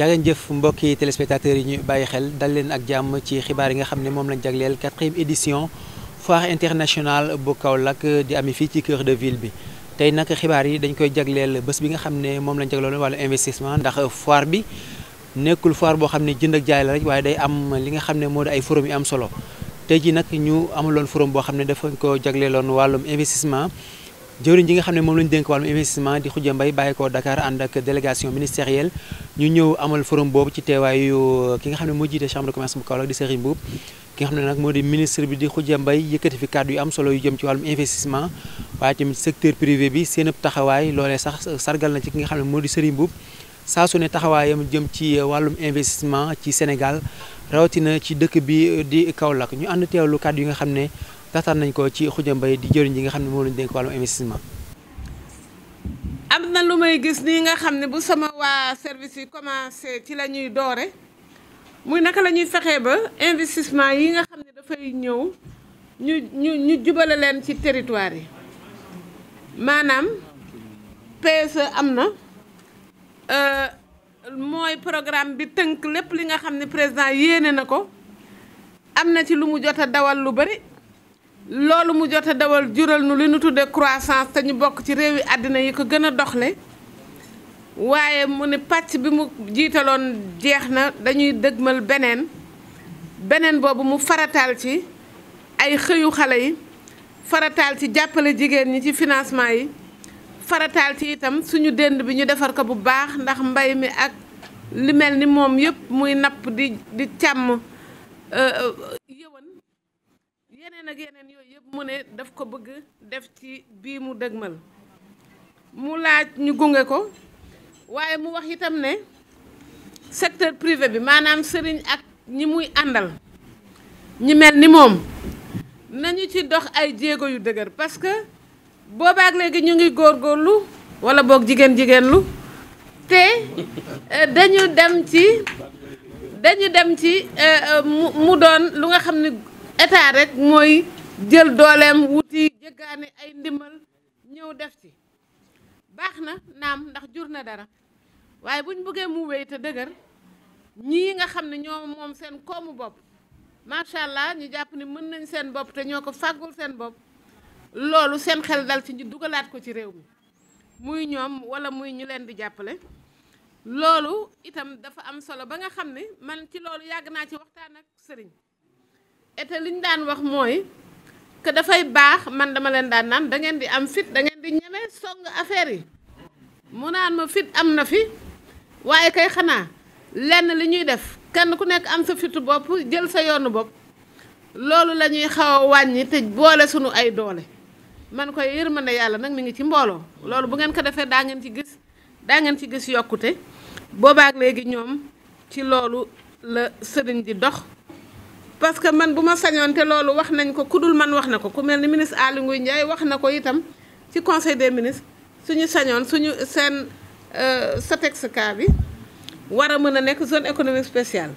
jaageen jëf mbokki téléspectateurs yi ñuy bàyyi xel dal leen ak jàmm ci xibaar yi nga xam ne moom lañ jagleel quatrième édition foire internationale bu kaw Kaolack di amee fii ci cœur de ville bi tey nag xibaar yi dañ koy jagleel bés bi nga xam ne moom lañ jagloon wàllu investissement ndax foire bi nekkul foire boo xam ne jënd ak jaay la rek waaye day am li nga xam ne moo di ay forum yu am solo tey ji nag ñu amaloon forum boo xam ne dafa ko jagleeloon wàllum investissement jëwriñ ji nga xam ne moom lañu dénk wàllum investissement di Khoudia mbay bàyyi ko Dakar ànd ak délégation ministérielle ñu ñëw amal forum boobu ci teewaayu euh, ki nga xam ne moo jiite chambre de commerce bu Kaolack di Serigne Mboup ki nga xam ne nag moo di ministre bi di Khoudia Mbaye yëkkati fi kàddu yu am solo yu jëm ci wàllum investissement waaye tamit secteur privé bi seen taxawaay loolee sax sargal na ci ki nga xam ne moo di Serigne Mboup saa su ne taxawaayam jëm ci euh, wàllum investissement ci Sénégal rawatina ci dëkk bi euh, di Kaolack ñu ànd teewlu kàddu yi nga xam ne taxtaan nañ ko ci Khoudia Mbaye di jëriñ yi nga xam ne moom lañ dénk wàllum investissement. am na lu may gis nii nga xam ne bu sama waa service yi commencé ci la ñuy doore muy naka la ñuy fexee ba investissement yi nga xam ne dafay ñëw ñu ñu ñu jubale leen ci territoire yi maanaam PSE am na euh, mooy programme bi tënk lépp li nga xam ne président yéene na ko am na ci lu mu jot a dawal lu bari loolu mu jot a dawal jural nu li nu tuddee croissance te ñu bokk ci réew réewi àddina yi ko gën a doxle waaye mu ne pàcc bi mu jiitaloon jeex na dañuy dëgmal beneen beneen boobu mu farataal ci ay xëyu xale yi farataal ci jàppale jigéen ñi ci financement yi farataal ci itam suñu dénd bi ñu defar ko bu baax ndax mbay mi ak li mel ni moom yëpp muy napp di di càmm euh, euh, yëwan yeneen ak yeneen yooyu yëpp mu ne daf ko bëgg def ci bii mu dëgmal mu laaj ñu gunge ko waaye mu wax itam ne secteur privé bi maanaam sëriñ ak ñi muy àndal ñi mel ni moom nañu ci dox ay jéego yu dëgër parce que boobaak léegi ñu ngi góor góorlu wala boog jigéen jigéenlu te euh, dañu dem ci dañu dem ci euh, euh, mu doon lu nga xam ne état rek mooy jël dooleem wuti jëggaani ay ndimbal ñëw def ci baax na naam ndax jur na dara waaye buñ bëggee mu wéy te dëgër ñii nga xam ne ñoo moom seen koomu bopp macha allah ñu jàpp ni mën nañ seen bopp te ñoo ko fàggul seen bopp loolu seen xel dal ci ñu dugalaat ko ci réew mi muy ñoom wala muy ñu leen di jàppale loolu itam dafa am solo ba nga xam ni man ci loolu yàgg naa ci waxtaan ak sëriñ ete li ñu daan wax mooy que dafay baax man dama leen daan naan dangeen di am fit da ngeen di ñeme song affaire yi mu naan ma fit am na fi waaye kay xanaa lenn li ñuy def kenn ku nekk am sa fitu bopp jël sa yoonu bopp loolu lañuy ñuy xaw a wàññi te boole sunu ay doole man koy yërmande yàlla nag mi ngi ci mbooloo loolu bu ngeen ko defee daa ngeen ci gis daa ngeen ci gis yokkute boobaak léegi ñoom ci loolu la sëriñ di dox parce que man bu ma sañoon te loolu wax nañ ko ku dul man wax na ko ku mel ni ministre Aly Ngouille Ndiaye wax na ko itam ci conseil des ministres suñu sañoon suñu seen euh, SATEXCA bi war a mën a nekk zone économique spéciale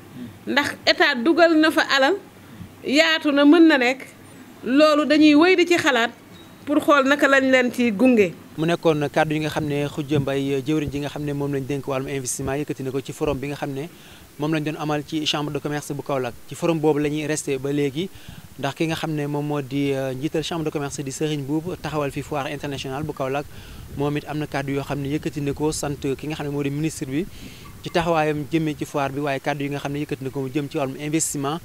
ndax état dugal na fa alal yaatu na mën na nekk loolu dañuy wéy di ci xalaat pour xool naka lañ leen ci gunge. mu nekkoon kàddu yi nga xam ne Khoudia Mbaye euh, jëwriñ ji nga xam ne moom lañ dénk wàllum investissement yëkkati na ko ci forum bi nga xam ne moom lañ doon amal ci chambre de commerce bu Kaolack ci forum boobu la ñuy resté ba léegi ndax ki nga xam ne moom moo di euh, njiital chambre de commerce di Serigne Boub taxawal fi foire internationale bu Kaolack moom it am na kàddu yoo xam ne yëkkati na ko sant ki nga xam ne moo di ministre bi ci taxawaayam jëmee ci foire b waaye kàddu yi nga xam ne yëkkati na ko mu jëm ci wàllum investissement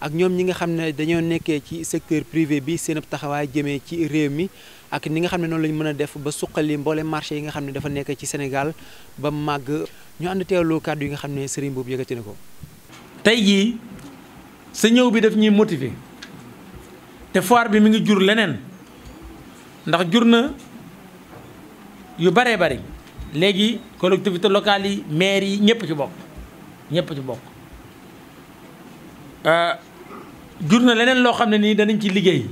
ak ñoom ñi nga xam ne dañoo nekkee ci secteur privé bi seen taxawaay jëmee ci réew mi ak ni nga xam ne noonu lañu mën a def ba suqali mboole marché yi nga xam ne dafa nekk ci senegal ba màgg ñu ànd teewloo kàddu yi nga xam ne Serigne boobu yëkkati na ko. tey jii sa ñëw bi daf ñuy motiver te foire bi mi ngi jur leneen ndax jur na yu baree bari léegi collectivités locales yi maires yi ñëpp ci bokk ñëpp ci bokk. Euh, jur na leneen loo xam ne nii danañ ci liggéey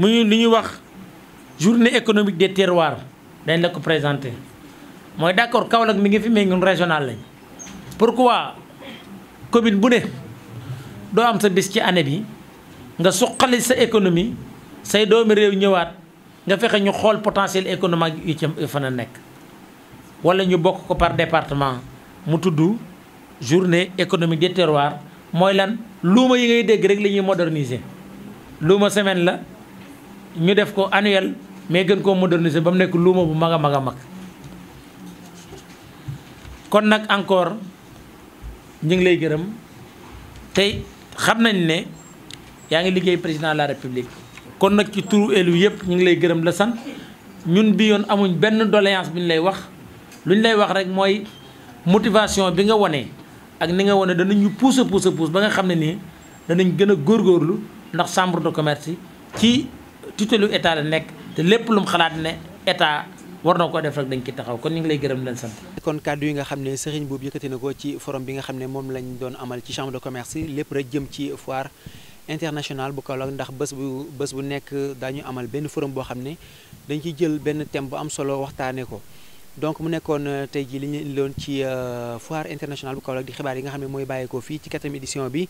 muy lu ñuy wax journée économique des terroirs dañ la ko présenté mooy d'accord Kaolack mu ngi fi mais ñun régional pour pourquoi commune bu ne doo am sa bis ci année bi nga suqali sa économie say doomi réew ñëwaat nga fexe ñu xool potentiel économique yu fan a nekk wala ñu bokk ko par département mu tudd journée économie des terroirs mooy lan luuma yi ngay dégg rek la ñuy moderniser luuma semaine la ñu def ko annuel mais gën koo moderniser ba mu nekk luuma bu mag a mag a mag kon nag encore ñu ngi lay gërëm tey xam nañ ne yaa ngi liggéey président la république kon nag ci turu élu yëpp ñu ngi lay gërëm la san ñun bi yoon amuñ benn doléance bi ñu lay wax lu ñu lay wax rek mooy motivation bi nga wone ak ni nga wane danañ ñu pousse pousse pousse ba nga xam ne nii danañ gën a góorgóorlu ndax chambre de commerce yi ci lu état la nekk te lépp lu mu xalaat ne état war na ko def rek dañ ci taxaw kon ñu ngi lay gërëm leen sant. kon kàddu yi nga xam ne sëriñ boobu yëkkati na ko ci forum bi nga xam ne moom lañ doon amal ci chambre de commerce yi lépp rek jëm ci foire internationale bu Kaolack ndax bés bu bës bu nekk daañu amal benn forum boo xam ne dañ ciy jël benn thème bu am solo waxtaanee ko. donc mu nekkoon euh, tey jii li ñu indiloon ci euh, foire internationale bu Kaolack di xibaar yi nga xam ne mooy bàyyeekoo fii ci quatrième édition bi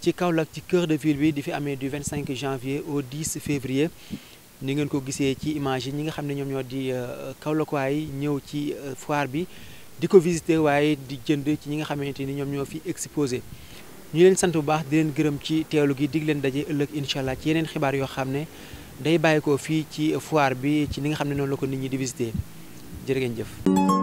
ci Kaolack ci cœur de ville bi di fi amee du 25 janvier au 10 février ni ngeen ko gisee ci image yi xam ne ñoom ñoo di euh, Kaolackois ñëw ci foire bi di ko visiter waaye di jënd ci ñi nga xamante ni ñoom ñoo fi exposé ñu leen sant bu baax di leen gërëm ci teelu gi dig leen daje ëllëg incha allah ci yeneen xibaar yoo xam ne day bàyyeekoo fii ci foire bi ci ni nga xam ne noonu la ko nit ñi di visiter. jërë ngeen jëf